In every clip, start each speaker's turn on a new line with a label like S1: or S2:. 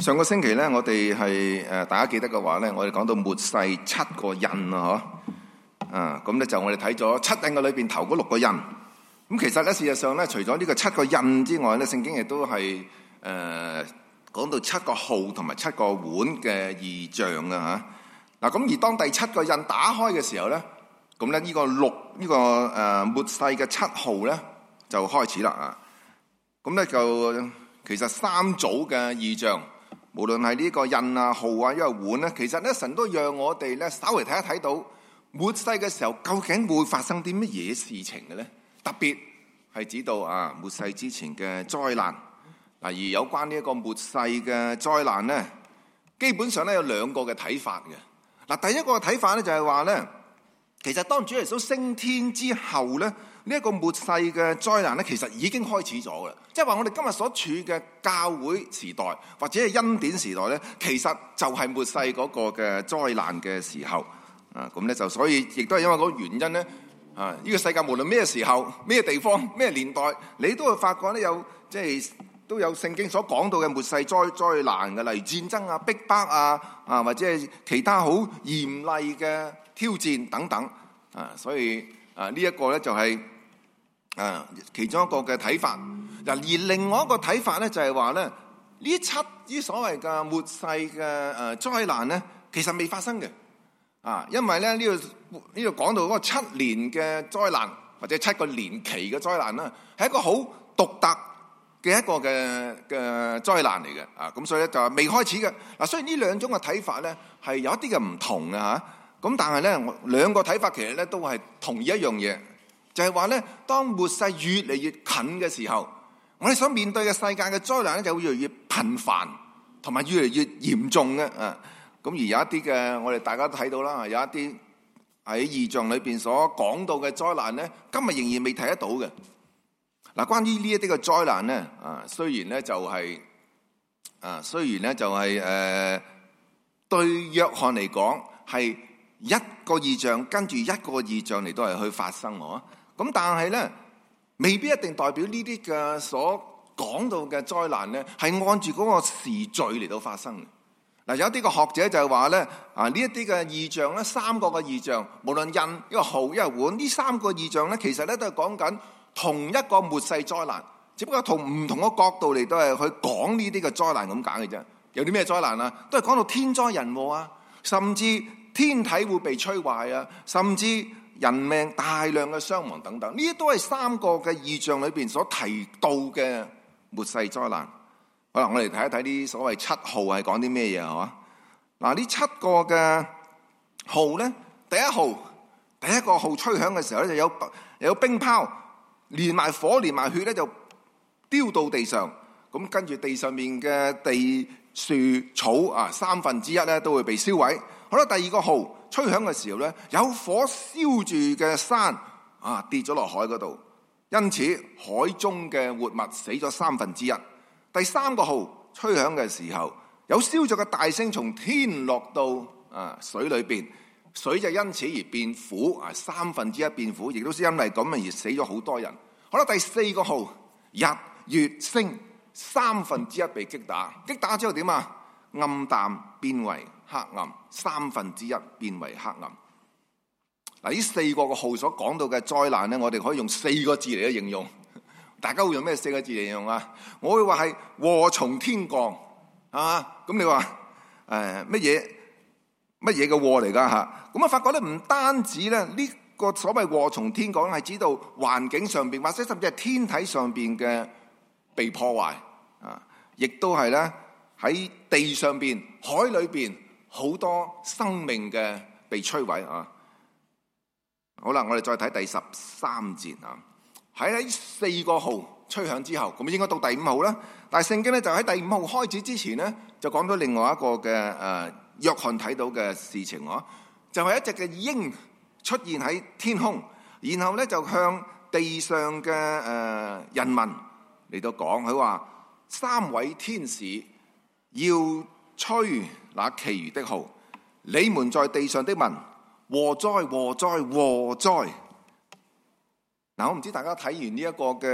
S1: 上個星期咧，我哋係誒，大家記得嘅話咧，我哋講到末世七個印啊，嗬，啊，咁、啊、咧就我哋睇咗七印嘅裏邊頭嗰六個印，咁其實咧事實上咧，除咗呢個七個印之外咧，聖經亦都係誒、呃、講到七個號同埋七個碗嘅異象啊，吓、啊、嗱，咁而當第七個印打開嘅時候咧，咁咧呢個六呢、這個誒、呃、末世嘅七號咧就開始啦，啊，咁咧就其實三組嘅異象。無論係呢個印啊號啊，或者碗咧，其實咧神都讓我哋咧稍微睇一睇到末世嘅時候究竟會發生啲乜嘢事情嘅咧，特別係指到啊末世之前嘅災難嗱，而有關呢一個末世嘅災難咧，基本上咧有兩個嘅睇法嘅嗱，第一個睇法咧就係話咧。其實當主耶穌升天之後咧，呢、這、一個末世嘅災難咧，其實已經開始咗嘅。即係話我哋今日所處嘅教會時代或者係恩典時代咧，其實就係末世嗰個嘅災難嘅時候。啊，咁咧就所以亦都係因為嗰個原因咧，啊呢、這個世界無論咩時候、咩地方、咩年代，你都會發覺咧有即係都有聖經所講到嘅末世災災難嘅，例如戰爭啊、逼迫啊啊或者係其他好嚴厲嘅挑戰等等啊，所以啊呢一個咧就係啊其中一個嘅睇法。嗱，而另外一個睇法咧就係話咧，呢七啲所謂嘅末世嘅誒災難咧，其實未發生嘅啊，因為咧呢度呢度講到嗰個七年嘅災難或者七個年期嘅災難啦，係一個好獨特嘅一個嘅嘅災難嚟嘅啊，咁所以咧就係未開始嘅嗱。所以呢兩種嘅睇法咧係有一啲嘅唔同嘅嚇。啊咁但係咧，兩個睇法其實咧都係同意一樣嘢，就係話咧，當末世越嚟越近嘅時候，我哋所面對嘅世界嘅災難咧，就會越嚟越頻繁，同埋越嚟越嚴重嘅。啊，咁而有一啲嘅，我哋大家都睇到啦，有一啲喺異象裏邊所講到嘅災難咧，今日仍然未睇得到嘅。嗱、啊，關於呢一啲嘅災難咧，啊，雖然咧就係、是，啊，雖然咧就係、是、誒、呃，對約翰嚟講係。一個異象跟住一個異象嚟都係去發生，咁但係咧，未必一定代表呢啲嘅所講到嘅災難咧，係按住嗰個時序嚟到發生嘅。嗱，有啲嘅學者就係話咧，啊，呢一啲嘅異象咧，三個嘅異象，無論印、一個號、一個碗，呢三個異象咧，其實咧都係講緊同一個末世災難，只不過同唔同嘅角度嚟都係去講呢啲嘅災難咁解嘅啫。有啲咩災難啊？都係講到天災人禍啊，甚至。天體會被吹壞啊，甚至人命大量嘅傷亡等等，呢啲都係三個嘅異象裏邊所提到嘅末世災難。好啦，我哋睇一睇啲所謂七號係講啲咩嘢啊？哇！嗱，呢七個嘅號咧，第一號，第一個號吹響嘅時候咧，就有有冰雹連埋火，連埋血咧就丟到地上，咁跟住地上面嘅地、樹、草啊，三分之一咧都會被燒毀。好啦，第二個號吹響嘅時候呢，有火燒住嘅山啊跌咗落海嗰度，因此海中嘅活物死咗三分之一。第三個號吹響嘅時候，有燒着嘅大聲從天落到啊水裏邊，水就因此而變苦啊，三分之一變苦，亦都是因為咁樣而死咗好多人。好啦，第四個號日月星三分之一被擊打，擊打之後點啊暗淡變為。黑暗三分之一變為黑暗。嗱，呢四個嘅號所講到嘅災難咧，我哋可以用四個字嚟咧形容。大家會用咩四個字嚟形容啊？我會話係禍從天降，係嘛？咁你話誒，乜嘢乜嘢嘅禍嚟噶吓？咁、呃、啊，發覺咧唔單止咧呢個所謂禍從天降係指到環境上邊，或者甚至係天體上邊嘅被破壞啊，亦都係咧喺地上邊、海裏邊。好多生命嘅被摧毀啊！好啦，我哋再睇第十三節啊。喺四個號吹響之後，咁應該到第五號啦。但係聖經咧就喺第五號開始之前咧，就講咗另外一個嘅誒，約、呃、翰睇到嘅事情、啊，就係一隻嘅鷹出現喺天空，然後咧就向地上嘅、誒、呃、人民嚟到講佢話三位天使要吹。那其餘的號，你們在地上的民，禍災禍災禍災。嗱，我唔知大家睇完呢、這、一個嘅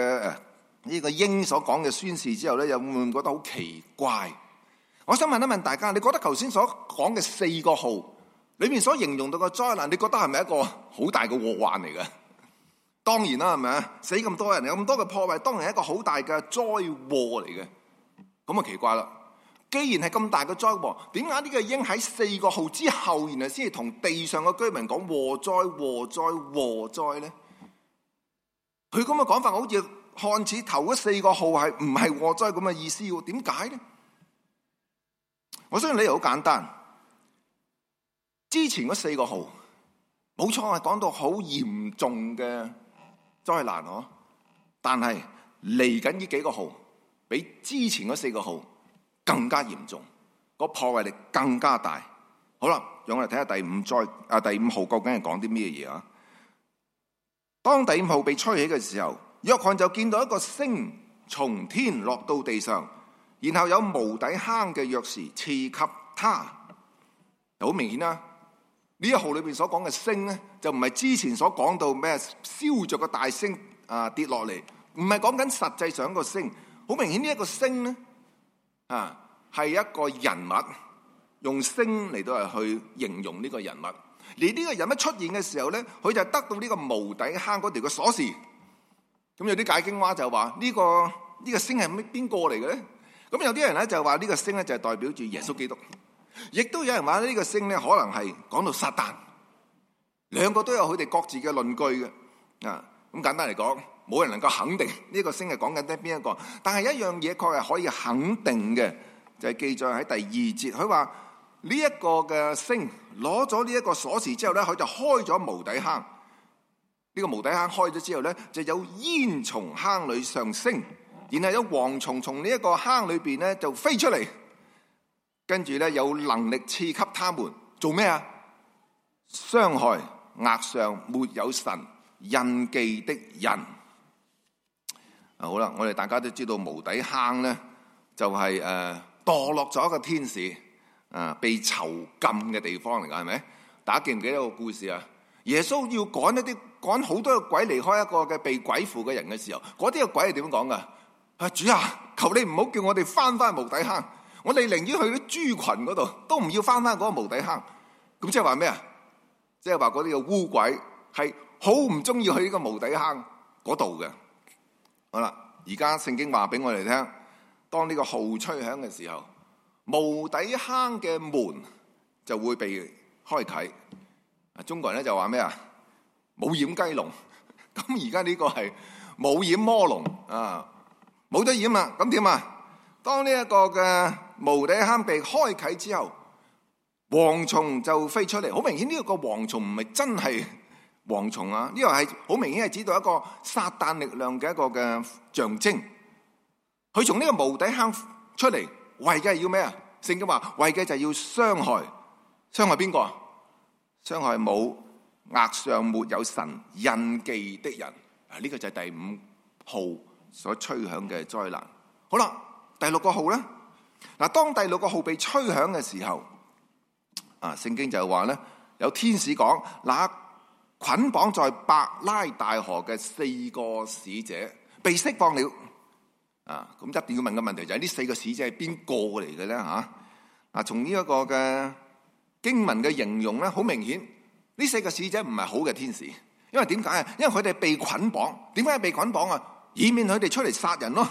S1: 呢、這個鷹所講嘅宣示之後咧，有冇覺得好奇怪？我想問一問大家，你覺得頭先所講嘅四個號裏面所形容到嘅災難，你覺得係咪一個好大嘅禍患嚟嘅？當然啦，係咪啊？死咁多人，有咁多嘅破壞，當然係一個好大嘅災禍嚟嘅。咁啊，奇怪啦。既然係咁大嘅災禍，點解呢個鷹喺四個號之後，原來先係同地上嘅居民講禍災禍災禍災呢？佢咁嘅講法，好似看似頭嗰四個號係唔係禍災咁嘅意思？點解呢？我相信理由好簡單，之前嗰四個號冇錯，我講到好嚴重嘅災難嗬，但係嚟緊呢幾個號比之前嗰四個號。更加嚴重，個破壞力更加大。好啦，讓我嚟睇下第五再啊第五號究竟係講啲咩嘢啊？當第五號被吹起嘅時候，約翰就見到一個星從天落到地上，然後有無底坑嘅鑰匙賜給他，好明顯啦。呢一號裏邊所講嘅星咧，就唔係之前所講到咩燒着嘅大星啊跌落嚟，唔係講緊實際上一個星。好明顯呢一個星咧。啊，係一個人物，用星嚟到嚟去形容呢個人物。而呢個人物出現嘅時候咧，佢就得到呢個無底坑嗰條嘅鎖匙。咁有啲解經話就話呢個呢個星係咩邊個嚟嘅咧？咁有啲人咧就話呢個星咧就係代表住耶穌基督。亦都有人話呢個星咧可能係講到撒旦。兩個都有佢哋各自嘅論據嘅。啊，咁簡單嚟講。冇人能夠肯定呢個星係講緊啲邊一個，但係一樣嘢確係可以肯定嘅，就係記載喺第二節。佢話呢一個嘅星攞咗呢一個鎖匙之後咧，佢就開咗無底坑。呢個無底坑開咗之後咧，就有煙從坑裏上升，然後有蝗蟲從呢一個坑裏邊咧就飛出嚟，跟住咧有能力賜給他們做咩啊？傷害額上沒有神印記的人。好啦，我哋大家都知道無底坑咧，就係誒墮落咗一個天使，誒被囚禁嘅地方嚟噶，係咪？大家記唔記得個故事啊？耶穌要趕一啲趕好多個鬼離開一個嘅被鬼附嘅人嘅時候，嗰啲個鬼係點樣講噶？主啊，求你唔好叫我哋返返無底坑，我哋寧願去啲豬群嗰度，都唔要返返嗰個無底坑。咁即係話咩啊？即係話嗰啲嘅污鬼係好唔中意去呢個無底坑嗰度嘅。好啦，而家聖經話俾我哋聽，當呢個號吹響嘅時候，無底坑嘅門就會被開啟。啊，中國人咧就話咩啊？冇掩雞籠，咁而家呢個係冇掩魔龍啊，冇得掩啦，咁點啊？當呢一個嘅無底坑被開啟之後，蝗蟲就飛出嚟。好明顯呢個個蝗蟲唔係真係。蝗蟲啊！呢個係好明顯係指到一個撒旦力量嘅一個嘅象徵。佢從呢個無底坑出嚟，為嘅係要咩啊？聖經話為嘅就係要傷害，傷害邊個啊？傷害冇額上沒有神印記的人。啊，呢個就係第五號所吹響嘅災難。好啦，第六個號咧。嗱，當第六個號被吹響嘅時候，啊，聖經就話咧，有天使講，嗱捆綁在伯拉大河嘅四個使者被釋放了，啊！咁一定要問嘅問題就係、是，呢四個使者係邊個嚟嘅咧？吓，啊！從呢一個嘅經文嘅形容咧，好明顯呢四個使者唔係好嘅天使，因為點解啊？因為佢哋被捆綁，點解被捆綁啊？以免佢哋出嚟殺人咯，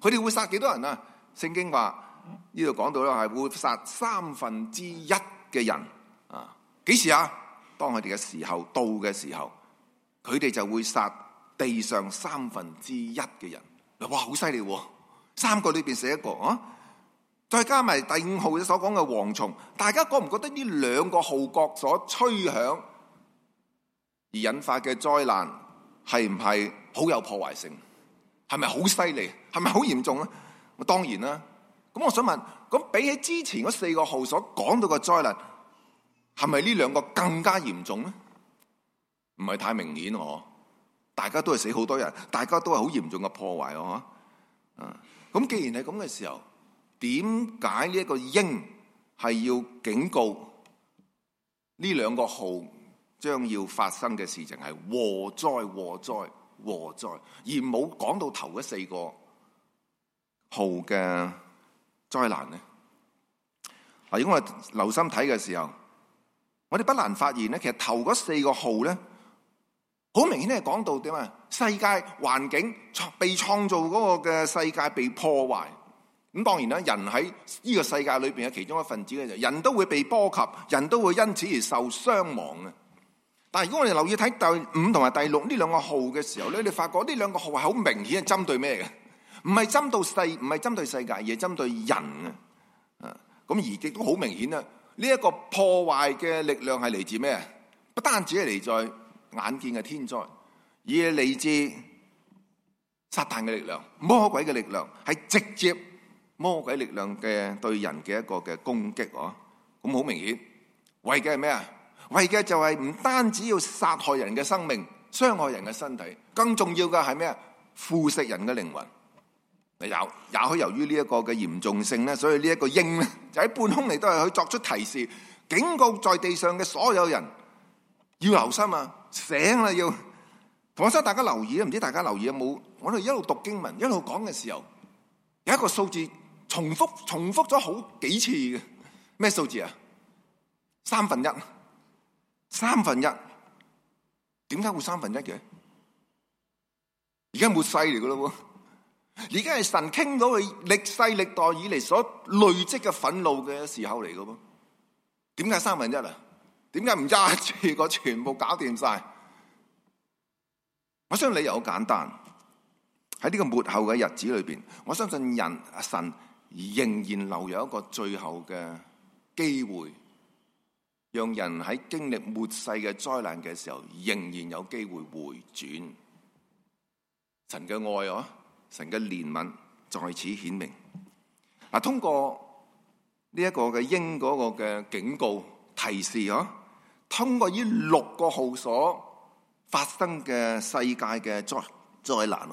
S1: 佢哋會殺幾多人啊？聖經話呢度講到咧係會殺三分之一嘅人，啊，幾時啊？當佢哋嘅時候到嘅時候，佢哋就會殺地上三分之一嘅人。嗱，哇，好犀利！三個裏邊死一個啊！再加埋第五號所講嘅蝗蟲，大家覺唔覺得呢兩個號角所吹響而引發嘅災難係唔係好有破壞性？係咪好犀利？係咪好嚴重咧？當然啦。咁我想問，咁比起之前嗰四個號所講到嘅災難？係咪呢兩個更加嚴重咧？唔係太明顯喎，大家都係死好多人，大家都係好嚴重嘅破壞，哦，啊！咁既然係咁嘅時候，點解呢一個鷹係要警告呢兩個號將要發生嘅事情係禍災禍災禍災，而冇講到頭嗰四個號嘅災難咧？嗱，如果我留心睇嘅時候。我哋不難發現咧，其實頭嗰四個號咧，好明顯咧，係講到點啊？世界環境創被創造嗰個嘅世界被破壞，咁當然啦，人喺呢個世界裏邊嘅其中一份子嘅人，人都會被波及，人都會因此而受傷亡啊！但係如果我哋留意睇第五同埋第六呢兩個號嘅時候咧，你發覺呢兩個號係好明顯係針對咩嘅？唔係針對世，唔係針對世界，而係針對人啊！啊，咁而亦都好明顯啊！呢一個破壞嘅力量係嚟自咩啊？不單止係嚟在眼見嘅天災，而係嚟自撒旦嘅力量、魔鬼嘅力量，係直接魔鬼力量嘅對人嘅一個嘅攻擊呵。咁、啊、好明顯，為嘅係咩啊？為嘅就係唔單只要殺害人嘅生命、傷害人嘅身體，更重要嘅係咩啊？腐蝕人嘅靈魂。有，也許由於呢一個嘅嚴重性呢，所以呢一個鷹呢，就喺半空嚟都係去作出提示、警告，在地上嘅所有人要留心啊！醒啦，要同我收大家留意啦，唔知大家留意有冇？我哋一路讀經文，一路講嘅時候，有一個數字重複、重複咗好幾次嘅咩數字啊？三分一，三分一，點解會三分一嘅？而家末世嚟噶喎！而家係神傾到佢歷世歷代以嚟，所累積嘅憤怒嘅時候嚟噶噃？點解三分一啊？點解唔揸住個全部搞掂晒？我相信理由好簡單。喺呢個末後嘅日子裏邊，我相信人阿神仍然留有一個最後嘅機會，讓人喺經歷末世嘅災難嘅時候，仍然有機會回轉。神嘅愛啊、哦！神嘅憐憫在此顯明。嗱，通過呢一個嘅英嗰個嘅警告提示啊，通過呢六個號所發生嘅世界嘅災災難，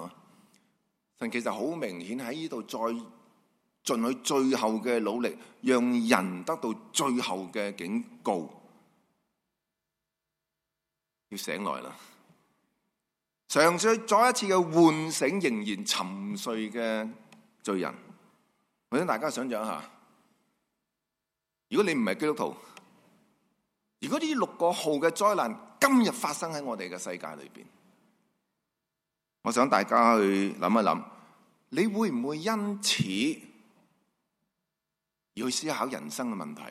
S1: 神其實好明顯喺呢度再盡佢最後嘅努力，讓人得到最後嘅警告，要醒嚟啦。嘗試再一次嘅喚醒，仍然沉睡嘅罪人。我想大家想象一下，如果你唔係基督徒，如果呢六個號嘅災難今日發生喺我哋嘅世界裏面，我想大家去諗一諗，你會唔會因此而去思考人生嘅問題？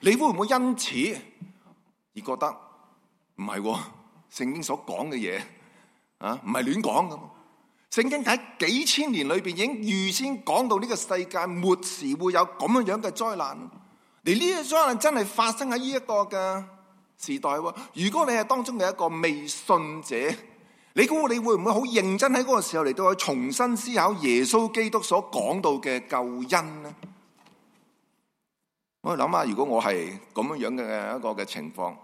S1: 你會唔會因此而覺得唔係？聖經所講嘅嘢啊，唔係亂講噶。聖經喺幾千年裏邊已經預先講到呢個世界末時會有咁樣樣嘅災難。而呢個災難真係發生喺呢一個嘅時代。如果你係當中嘅一個未信者，你估你會唔會好認真喺嗰個時候嚟到去重新思考耶穌基督所講到嘅救恩呢？我諗下，如果我係咁樣樣嘅一個嘅情況。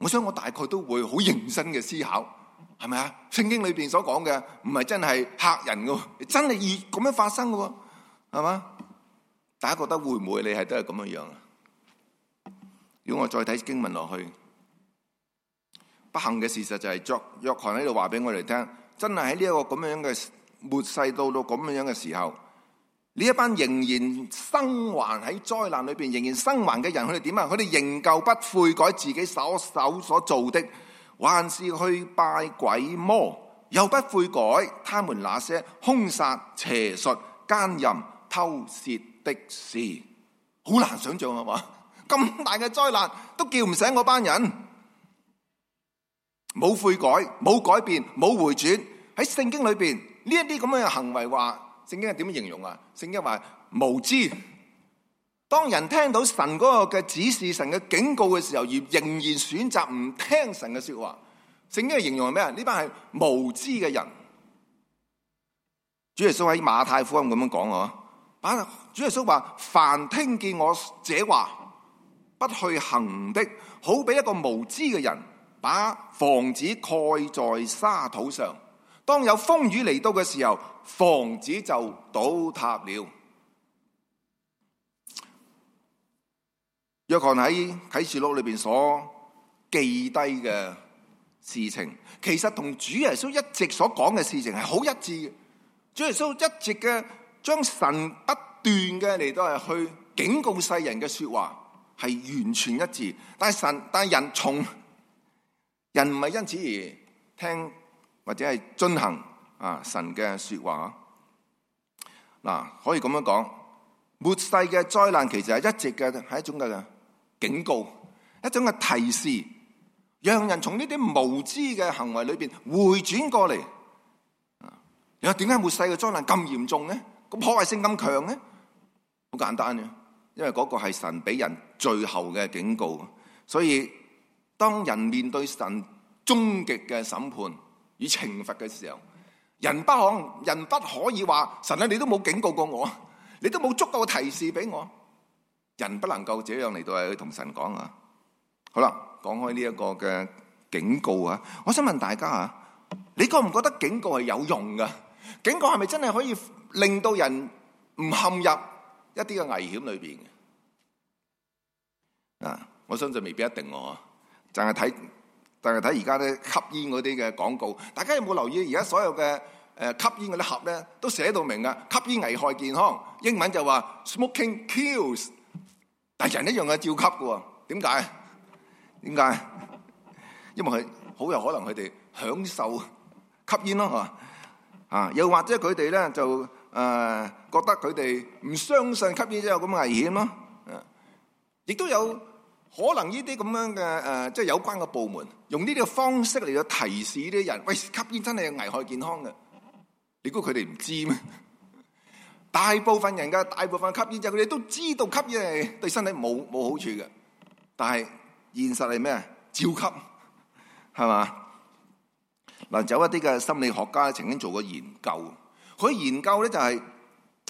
S1: 我想我大概都會好認真嘅思考，係咪啊？聖經裏邊所講嘅唔係真係嚇人嘅，真係以咁樣發生嘅，係咪？大家覺得會唔會你係都係咁樣樣啊？如果我再睇經文落去，不幸嘅事實就係約約翰喺度話俾我哋聽，真係喺呢一個咁樣嘅末世到到咁樣嘅時候。呢一班仍然生還喺災難裏邊，仍然生還嘅人，佢哋點啊？佢哋仍舊不悔改自己所手所做的，還是去拜鬼魔，又不悔改他們那些凶殺、邪術、奸淫、偷竊的事，好難想象係嘛？咁大嘅災難都叫唔醒嗰班人，冇悔改、冇改變、冇回轉。喺聖經裏邊呢一啲咁樣嘅行為話。聖經係點形容啊？聖經話無知。當人聽到神嗰個嘅指示、神嘅警告嘅時候，而仍然選擇唔聽神嘅說話，聖經係形容咩啊？呢班係無知嘅人。主耶穌喺馬太福音咁樣講哦，把主耶穌話：凡聽見我這話不去行的，好比一個無知嘅人，把房子蓋在沙土上。當有風雨嚟到嘅時候，房子就倒塌了。約翰喺啟示錄裏邊所記低嘅事情，其實同主耶穌一直所講嘅事情係好一致嘅。主耶穌一直嘅將神不斷嘅嚟到嚟去警告世人嘅說話，係完全一致。但係神但係人從人唔係因此而聽。或者係進行啊神嘅說話，嗱可以咁樣講，末世嘅災難其實係一直嘅，係一種嘅警告，一種嘅提示，讓人從呢啲無知嘅行為裏邊回轉過嚟。你話點解末世嘅災難咁嚴重呢？咁破壞性咁強呢？好簡單嘅，因為嗰個係神俾人最後嘅警告，所以當人面對神終極嘅審判。與懲罰嘅時候，人不可，人不可以話神啊！你都冇警告過我，你都冇足夠提示俾我，人不能夠這樣嚟到去同神講啊！好啦，講開呢一個嘅警告啊，我想問大家啊，你覺唔覺得警告係有用噶？警告係咪真係可以令到人唔陷入一啲嘅危險裏邊嘅？啊，我相信未必一定喎，就係睇。但係睇而家咧，吸煙嗰啲嘅廣告，大家有冇有留意？而家所有嘅吸煙嗰啲盒咧，都寫到明噶，吸煙危害健康，英文就話 smoking kills。但人一樣嘅照吸嘅喎，點解？點解？因為佢好有可能佢哋享受吸煙咯，又或者佢哋咧就覺得佢哋唔相信吸煙有咁危險咯，亦都有。可能呢啲咁樣嘅，誒，即係有關嘅部門用呢啲嘅方式嚟到提示啲人，喂，吸煙真係危害健康嘅。你估佢哋唔知咩？大部分人嘅，大部分吸煙者，佢哋都知道吸煙係對身體冇冇好處嘅。但係現實係咩？照吸係嘛？嗱，有一啲嘅心理學家曾經做過研究，佢研究咧，就係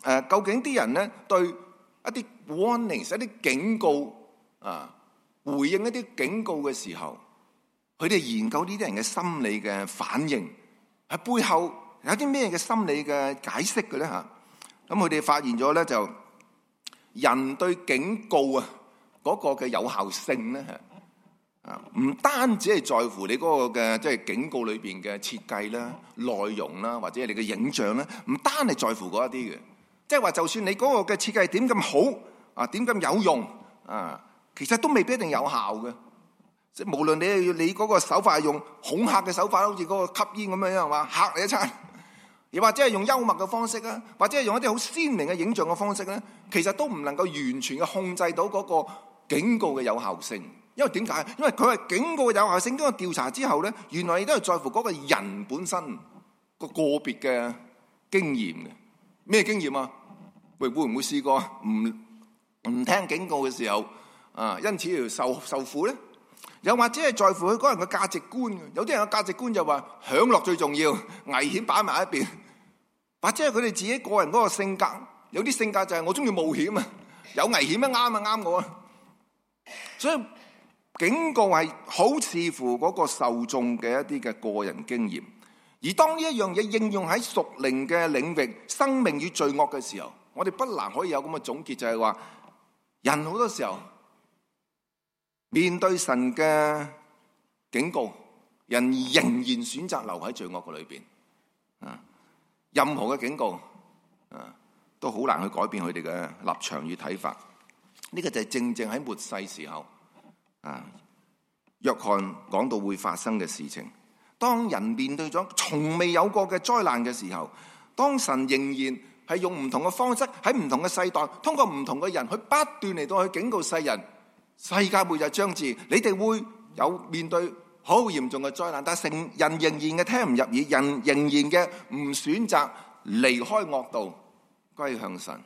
S1: 誒究竟啲人咧對一啲 warning、一啲警告啊～回應一啲警告嘅時候，佢哋研究呢啲人嘅心理嘅反應，喺背後有啲咩嘅心理嘅解釋嘅咧吓？咁佢哋發現咗咧就，人對警告啊嗰個嘅有效性咧啊唔單止係在乎你嗰個嘅即係警告裏邊嘅設計啦、內容啦或者你嘅影像咧，唔單係在乎嗰一啲嘅，即係話就算你嗰個嘅設計點咁好啊，點咁有用啊？其實都未必一定有效嘅，即係無論你你嗰個手法係用恐嚇嘅手法，好似嗰個吸煙咁樣樣啊嘛，嚇你一餐，又或者係用幽默嘅方式啊，或者係用一啲好鮮明嘅影像嘅方式咧，其實都唔能夠完全嘅控制到嗰個警告嘅有效性。因為點解？因為佢係警告嘅有效性，經過調查之後咧，原來亦都係在乎嗰個人本身個個別嘅經驗嘅。咩經驗啊？喂，會唔會試過唔唔聽警告嘅時候？啊！因此要受受苦咧，又或者係在乎佢個人嘅價值觀。有啲人嘅價值觀就話享樂最重要，危險擺埋一邊，或者係佢哋自己個人嗰個性格。有啲性格就係我中意冒險啊，有危險咧，啱啊啱我。所以警告係好視乎嗰個受眾嘅一啲嘅個人經驗。而當呢一樣嘢應用喺熟齡嘅領域，生命與罪惡嘅時候，我哋不難可以有咁嘅總結，就係話人好多時候，面對神嘅警告，人仍然選擇留喺罪惡裏邊。啊，任何嘅警告，啊，都好難去改變佢哋嘅立場與睇法。呢個就係正正喺末世時候，啊，約翰講到會發生嘅事情。當人面對咗從未有過嘅災難嘅時候，當神仍然係用唔同嘅方式，喺唔同嘅世代，通過唔同嘅人，去不斷嚟到去警告世人。世界末日將至，你哋會有面對好嚴重嘅災難，但係成人仍然嘅聽唔入耳，人仍然嘅唔選擇離開惡道，歸向神。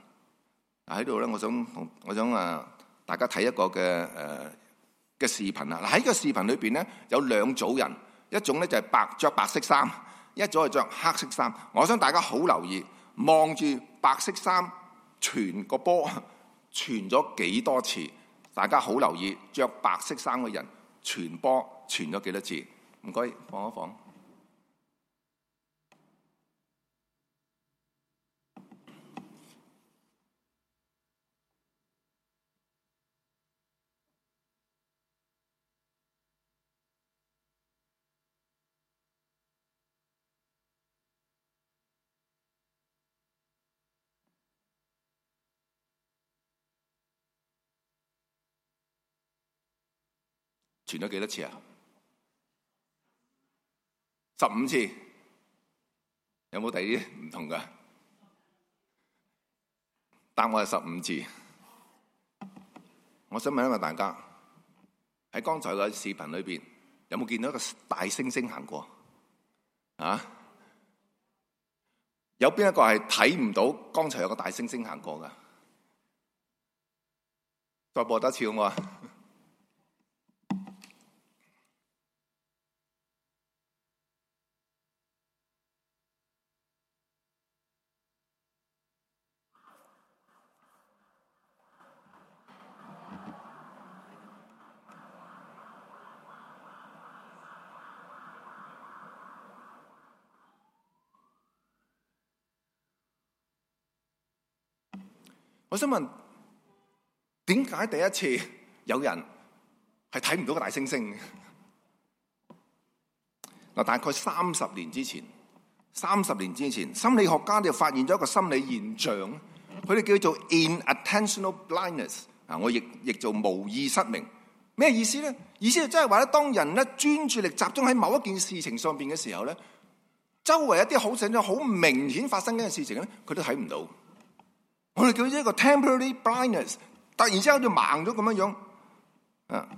S1: 喺度咧，我想我想啊，大家睇一個嘅誒嘅視頻啊。喺個視頻裏邊咧，有兩組人，一種咧就係白着白色衫，一種係着黑色衫。我想大家好留意，望住白色衫，傳個波，傳咗幾多次。大家好留意著白色衫嘅人傳波傳咗幾多次？唔該，放一放。傳咗幾多次啊？十五次，有冇第啲唔同噶？答我係十五次。我想問一問大家，喺剛才嘅視頻裏邊，有冇見到一個大猩猩行過啊？有邊一個係睇唔到剛才有一個大猩猩行過噶？再播多次我啊？我想問，點解第一次有人係睇唔到個大猩猩嘅？大概三十年之前，三十年之前，心理學家就發現咗一個心理現象，佢哋叫做 inattentional blindness，啊，我亦叫做無意失明，咩意思呢？意思就係話當人專注力集中喺某一件事情上面嘅時候呢，周圍有一啲好正常、好明顯發生嘅事情咧，佢都睇唔到。我哋叫一個 temporary blindness，突然之間就盲咗咁樣。啊，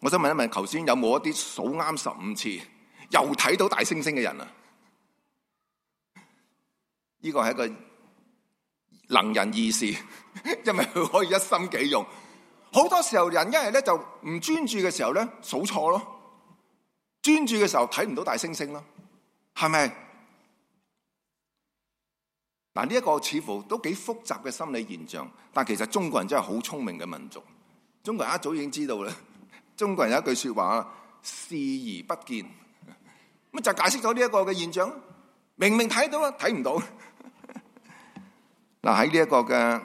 S1: 我想問一問，頭先有冇有一啲數啱十五次又睇到大猩猩嘅人？呢個係一個能人異士，因為佢可以一心幾用。好多時候人一為咧就唔專注嘅時候咧數錯咯，專注嘅時候睇唔到大猩猩咯，係咪？嗱，呢一個似乎都幾複雜嘅心理現象，但其實中國人真係好聰明嘅民族。中國人一早已經知道啦。中國人有一句說話啦，視而不見，咁就解釋咗呢一個嘅現象。明明睇到啊，睇唔到。嗱，喺呢一個嘅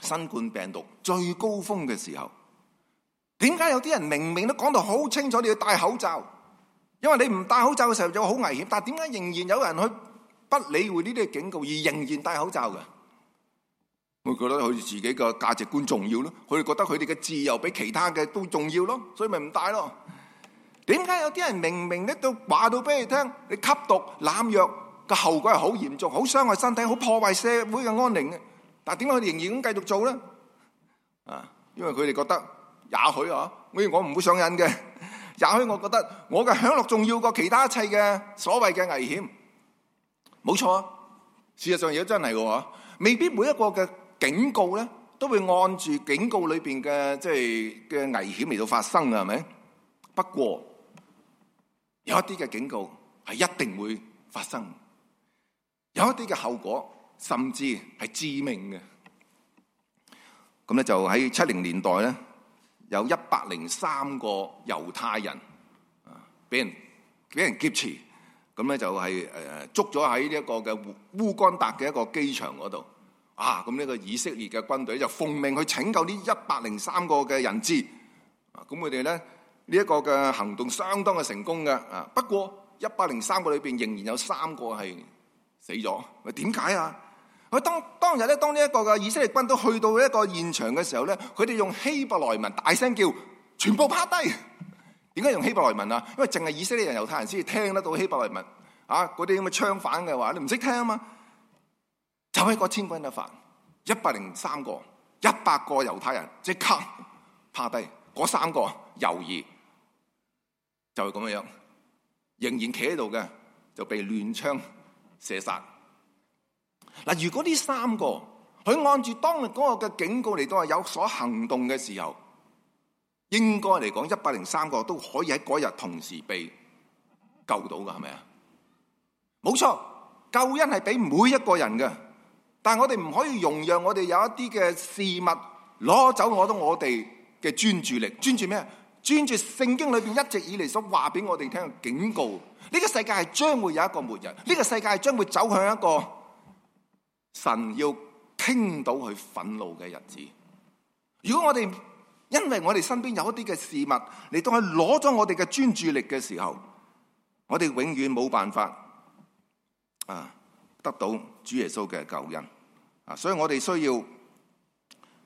S1: 新冠病毒最高峰嘅時候，點解有啲人明明都講到好清楚，你要戴口罩，因為你唔戴口罩嘅時候就好危險。但係點解仍然有人去？不理會呢啲警告，而仍然戴口罩嘅，我覺得好似自己嘅價值觀重要咯。佢哋覺得佢哋嘅自由比其他嘅都重要咯，所以咪唔戴咯。點解有啲人明明呢都話到俾你聽，你吸毒濫藥嘅後果係好嚴重，好傷害身體，好破壞社會嘅安寧嘅，但係點解佢哋仍然咁繼續做咧？啊，因為佢哋覺得，也許啊，我我唔會上癮嘅，也許我覺得我嘅享樂重要過其他一切嘅所謂嘅危險。冇錯，事實上，如果真係嘅話，未必每一個嘅警告都會按住警告裏面嘅危險嚟到發生嘅，係咪？不過有一啲嘅警告係一定會發生的，有一啲嘅後果甚至係致命嘅。咁咧就喺七零年代咧，有一百零三個猶太人啊，俾人俾人劫持。咁咧就係誒捉咗喺呢一個嘅烏干達嘅一個機場嗰度啊！咁呢個以色列嘅軍隊就奉命去拯救呢一百零三個嘅人質啊！咁佢哋咧呢一個嘅行動相當嘅成功嘅啊！不過一百零三個裏邊仍然有三個係死咗，點解啊？佢當當日咧，當呢一個嘅以色列軍都去到一個現場嘅時候咧，佢哋用希伯來文大聲叫：全部趴低！點解用希伯來文啊？因為淨係以色列人、猶太人先至聽得到希伯來文啊！嗰啲咁嘅槍反嘅話，你唔識聽啊嘛！就喺嗰千軍一範，一百零三個，一百個猶太人即刻趴低。嗰三個猶兒就咁、是、樣樣，仍然企喺度嘅，就被亂槍射殺。嗱，如果呢三個佢按住當日嗰個嘅警告嚟到，有所行動嘅時候。應該嚟講，一百零三個都可以喺嗰日同時被救到嘅，係咪啊？冇錯，救恩係俾每一個人嘅，但係我哋唔可以容讓我哋有一啲嘅事物攞走攞到我哋嘅專注力。專注咩啊？專注聖經裏邊一直以嚟所話俾我哋聽嘅警告。呢個世界係將會有一個末日，呢個世界係將會走向一個神要傾倒佢憤怒嘅日子。如果我哋，因為我哋身邊有一啲嘅事物，你都係攞咗我哋嘅專注力嘅時候，我哋永遠冇辦法啊得到主耶穌嘅救恩啊！所以我哋需要，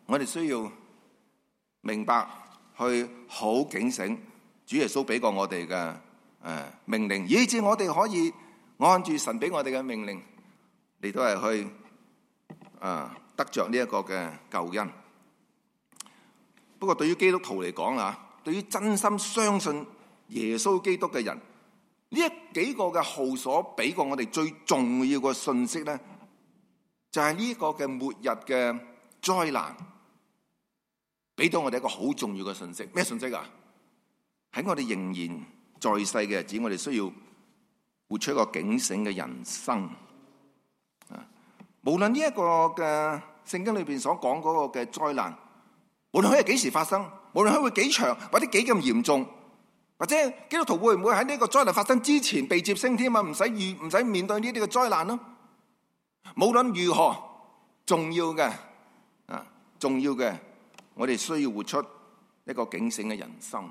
S1: 我哋需要明白去好警醒主耶穌俾過我哋嘅誒命令，以至我哋可以按住神俾我哋嘅命令，你都係去啊得着呢一個嘅救恩。不過對於基督徒嚟講啊，對於真心相信耶穌基督嘅人，呢一幾個嘅號所俾過我哋最重要嘅信息咧，就係呢個嘅末日嘅災難，俾到我哋一個好重要嘅信息。咩信息啊？喺我哋仍然在世嘅日子，我哋需要活出一個警醒嘅人生。啊，無論呢一個嘅聖經裏邊所講嗰個嘅災難。無論佢係幾時發生，無論佢會幾長或者幾咁嚴重，或者基督徒會唔會喺呢個災難發生之前被接升添啊？唔使遇唔使面對呢啲嘅災難咯。無論如何，重要嘅啊，重要嘅，我哋需要活出一個警醒嘅人生，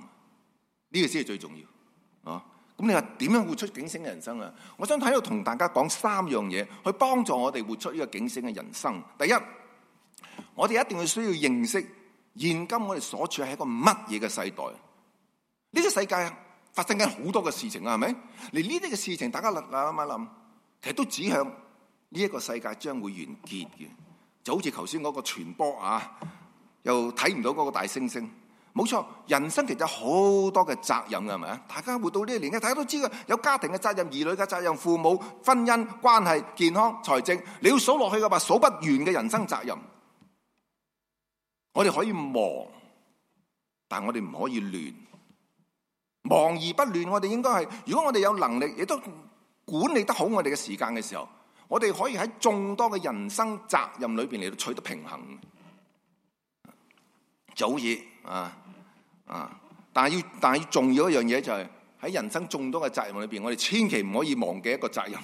S1: 呢個先係最重要啊。咁你話點樣活出警醒嘅人生啊？我想喺度同大家講三樣嘢，去幫助我哋活出呢個警醒嘅人生。第一，我哋一定要需要認識。現今我哋所處係一個乜嘢嘅世代？呢、這個世界發生緊好多嘅事情啊，係咪？連呢啲嘅事情，大家諗諗、諗諗，其實都指向呢一個世界將會完結嘅。就好似頭先嗰個傳播啊，又睇唔到嗰個大猩猩。冇錯，人生其實有好多嘅責任嘅，係咪啊？大家活到呢個年紀，大家都知道有家庭嘅責任、兒女嘅責任、父母、婚姻關係、健康、財政，你要數落去嘅話，數不完嘅人生責任。我哋可以忙，但係我哋唔可以亂。忙而不亂。我哋應該係，如果我哋有能力，亦都管理得好我哋嘅時間嘅時候，我哋可以喺眾多嘅人生責任裏邊嚟到取得平衡，早已，啊啊！但係要但係重要的一樣嘢就係喺人生眾多嘅責任裏邊，我哋千祈唔可以忘記一個責任，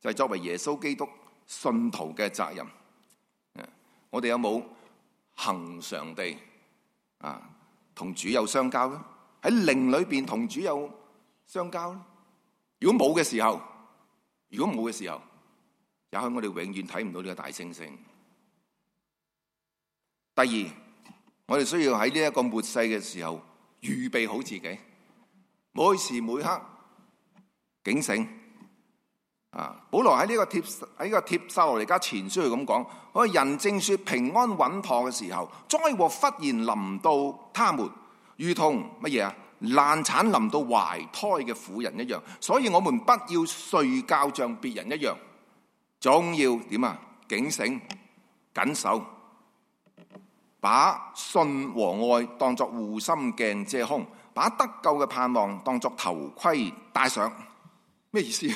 S1: 就係作為耶穌基督信徒嘅責任。我哋有冇？恆常地啊，同主有相交咧，喺靈裏邊同主有相交咧。如果冇嘅時候，如果冇嘅時候，也許我哋永遠睇唔到呢個大星星。第二，我哋需要喺呢一個末世嘅時候預備好自己，每時每刻警醒。啊！保羅喺呢個帖喺個帖撒羅尼加前書去咁講：我人正說平安穩妥嘅時候，災禍忽然臨到他們，如同乜嘢啊？難產臨到懷胎嘅婦人一樣。所以，我們不要睡覺像別人一樣，總要點啊？警醒、緊守，把信和愛當作護心鏡遮胸，把得救嘅盼望當作頭盔戴上。咩意思？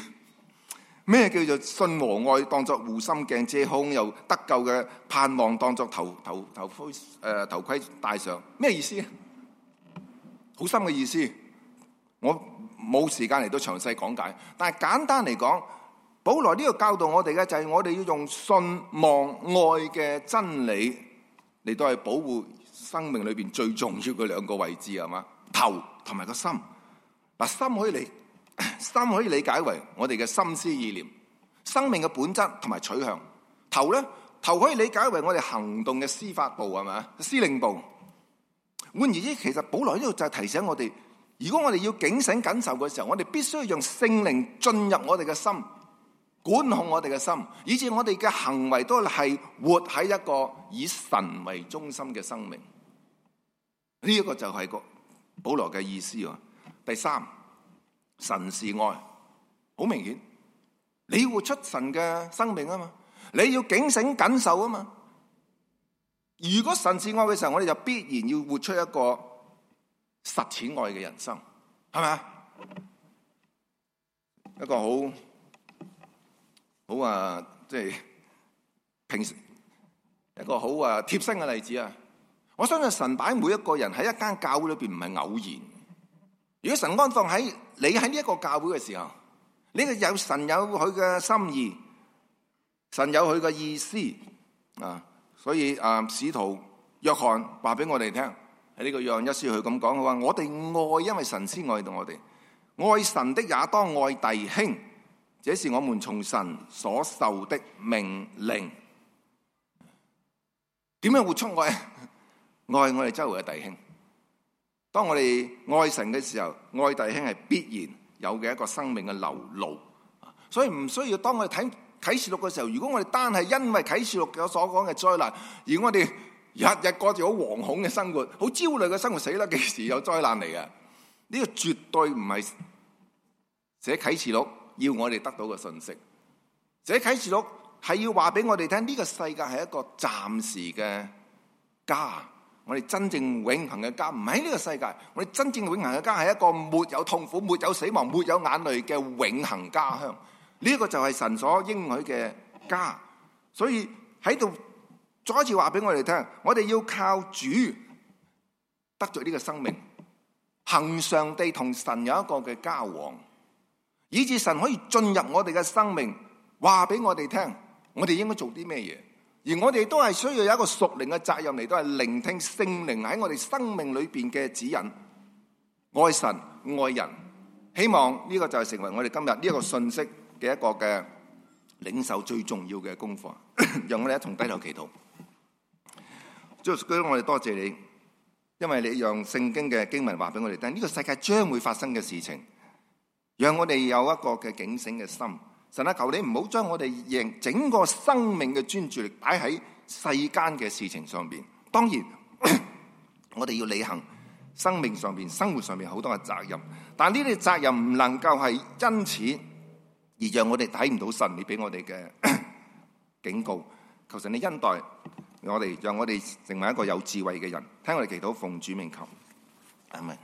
S1: 咩叫做信和愛當作護心鏡遮胸，又得救嘅盼望當作頭頭頭盔誒頭盔戴上，咩意思？好深嘅意思，我冇時間嚟到詳細講解。但係簡單嚟講，保羅呢個教導我哋嘅就係我哋要用信望愛嘅真理嚟到係保護生命裏邊最重要嘅兩個位置係嘛，頭同埋個心。嗱，心可以嚟。心可以理解為我哋嘅心思意念，生命嘅本質同埋取向。頭咧，頭可以理解為我哋行動嘅司法部係咪？司令部。換言之，其實保羅呢度就係提醒我哋，如果我哋要警醒謹守嘅時候，我哋必須要用聖靈進入我哋嘅心，管控我哋嘅心，以至我哋嘅行為都係活喺一個以神為中心嘅生命。呢、這、一個就係個保羅嘅意思。第三。神是愛，好明顯，你要活出神嘅生命啊嘛，你要警醒緊守啊嘛。如果神是愛嘅時候，我哋就必然要活出一個實踐愛嘅人生，係咪是一個好好、就是、啊，即係平時一個好啊貼身嘅例子啊！我相信神擺每一個人喺一間教會裏面唔係偶然，如果神安放喺。你在你教會的時候，這個有神有他的心意，神有他的意思啊，所以啊使徒約翰話俾我們聽，在這個約翰一書佢咁講嘅話，我哋愛因為神先愛到我哋，愛神的也當愛弟兄，這是我們從神所受的命令。點樣活出愛？愛我哋周圍的弟兄。當我哋愛神嘅時候，愛弟兄係必然有嘅一個生命嘅流露，所以唔需要，當我哋睇啟示錄嘅時候，如果我哋單係因為啟示錄所講嘅災難，而我哋日日過住好惶恐嘅生活，好焦慮嘅生活，死啦！幾時有災難嚟啊？呢個絕對唔係寫啟示錄要我哋得到嘅信息，寫啟示錄係要話俾我哋聽，呢個世界係一個暫時嘅家。我哋真正永恆嘅家唔喺呢個世界，我哋真正永恆嘅家係一個沒有痛苦、沒有死亡、沒有眼淚嘅永恆家鄉。呢一個就係神所應許嘅家。所以喺度再一次話俾我哋聽，我哋要靠主得着呢個生命，恆常地同神有一個嘅交往，以致神可以進入我哋嘅生命，話俾我哋聽，我哋應該做啲咩嘢。而我哋都係需要有一個屬靈嘅責任嚟，都係聆聽聖靈喺我哋生命裏邊嘅指引，愛神愛人。希望呢個就係成為我哋今日呢一個信息嘅一個嘅領受，最重要嘅功課，讓我哋一同低頭祈禱。主啊，我哋多謝你，因為你用聖經嘅經文話俾我哋聽，但係呢個世界將會發生嘅事情，讓我哋有一個嘅警醒嘅心。神啊，求你唔好將我哋贏整個生命嘅專注力擺喺世間嘅事情上邊。當然，我哋要履行生命上邊、生活上邊好多嘅責任，但呢啲責任唔能夠係因此而讓我哋睇唔到神你俾我哋嘅警告。求神你恩待我哋，讓我哋成為一個有智慧嘅人，聽我哋祈禱奉主名求，阿門。